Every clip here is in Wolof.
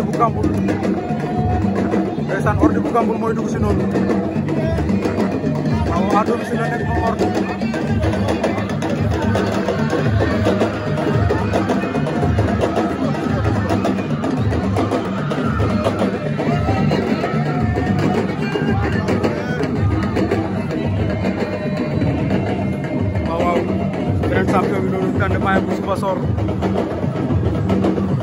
Ordi bu Kampul ndeysaan Ordi bu Kampul mooy dugg si noonu waaw à domicile la nekk moom Ordi waaw waaw beneen champion bi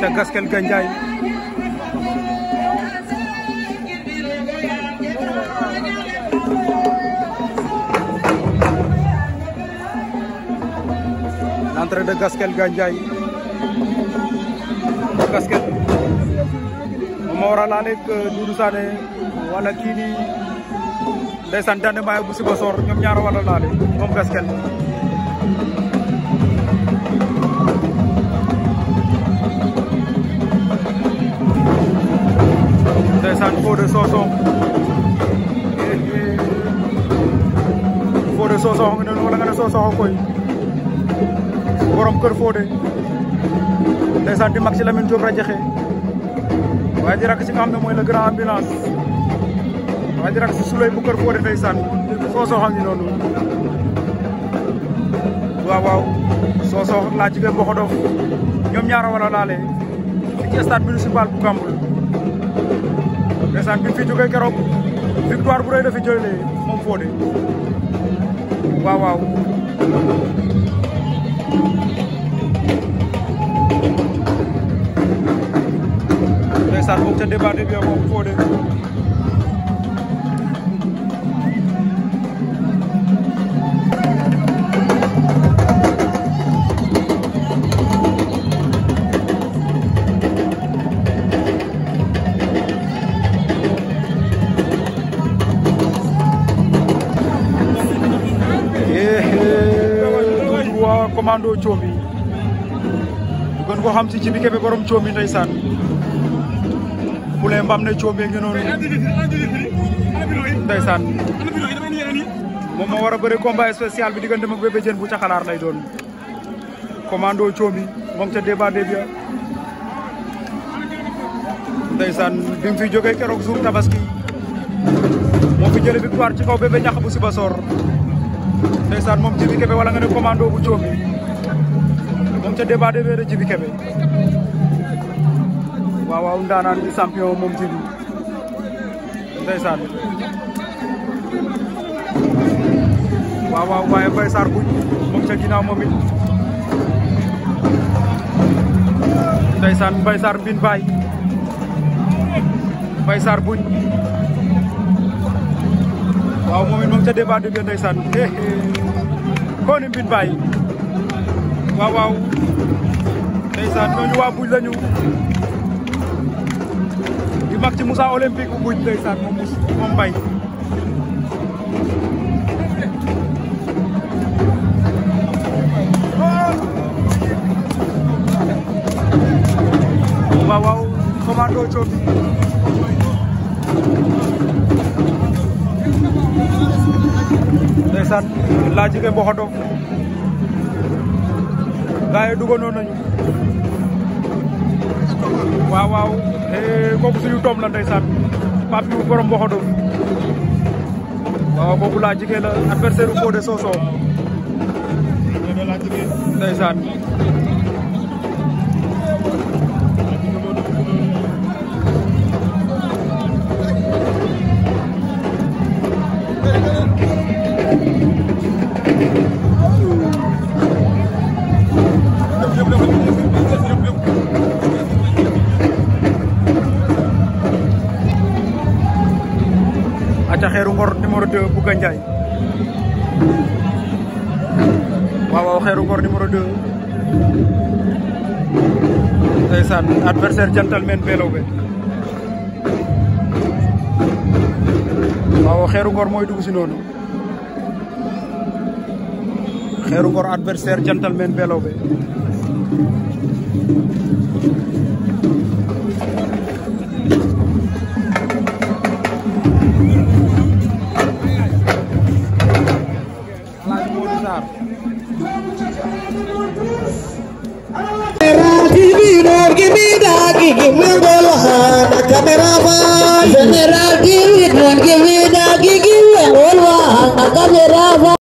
ca gaskel ganjay l'entrée de gaskel ganjay gaskel mo wara laale ak Doudou ndeysaan Dande Mbaye bu Siba Sor ñoom ñaar wala laale moom gaskel ndeysaan Fodé Sossokh Fodé Sossokh nga ne nga ne Sossokh koy borom kër Fodé ndeysaan di mag si Lamine Diop rajaxe waaye di rakk si xam ne mooy le grand ambulance waaye di ràgg si Souley bu soosoo xam noonu waaw soosoo laa jigéen mboq ñoom ñaar a war a laale fii ci stade municipal bu Gamboul. ndeysaan bi fi jógee keroog victoire bu rëy la fi jëlee moom Fodé waaw waaw. ndeysaan ca débat bi moom Fodé. ak commando Thiomi bu gën xam si ci bi kebe borom Thiomi ndeysaan poulet mbaam ne Thiomi ngi noonu ndeysaan moom moo war a bëri combat spécial bi diggante ak bébé jën bu ca xalaar lay doon commando Thiomi moom ca débat débia ndeysaan bi mu fi joge keroog jour tabaski moo fi jële victoire ci kaw bébé ñax bu Sibassor ndeysaan moom ci bi wala nga ne commando bu Thiomi ca débat de wéer a Djiby Kébé waaw waaw ndaanaan di champion moom buñ moom ca ginnaaw moom it ndeysaan Mbaye Sarr mbin baay Mbaye Sarr buñ waaw moom it moom ca débat de wéer ndeysaan koo ni mbin baay waaw waaw ndeysaan ñooñu waa buñ lañu di mag ci Moussa Olympique bu buñ ndeysaan moom moom Mbaye waaw waaw commando Thiobi ndeysaan laa jige mboxoto gaa yi duganoon nañu waaw waaw eh, kooku suñu doom la ndeysaan Pape Diouf borom waxodo waaw kooku laa jigéen la adversaire u Fodé Sossokh ndeysaan Xeeru Ngor numéro 2 bu Gandiaye waaw waaw Xeeru Ngor numéro 2 adversaire gentleman beelaw be waaw Xeeru Ngor mooy dugg si Ngor adversaire gentleman beelaw be give me the hand, camera man. Camera give it, give me the give me the whole hand, camera man.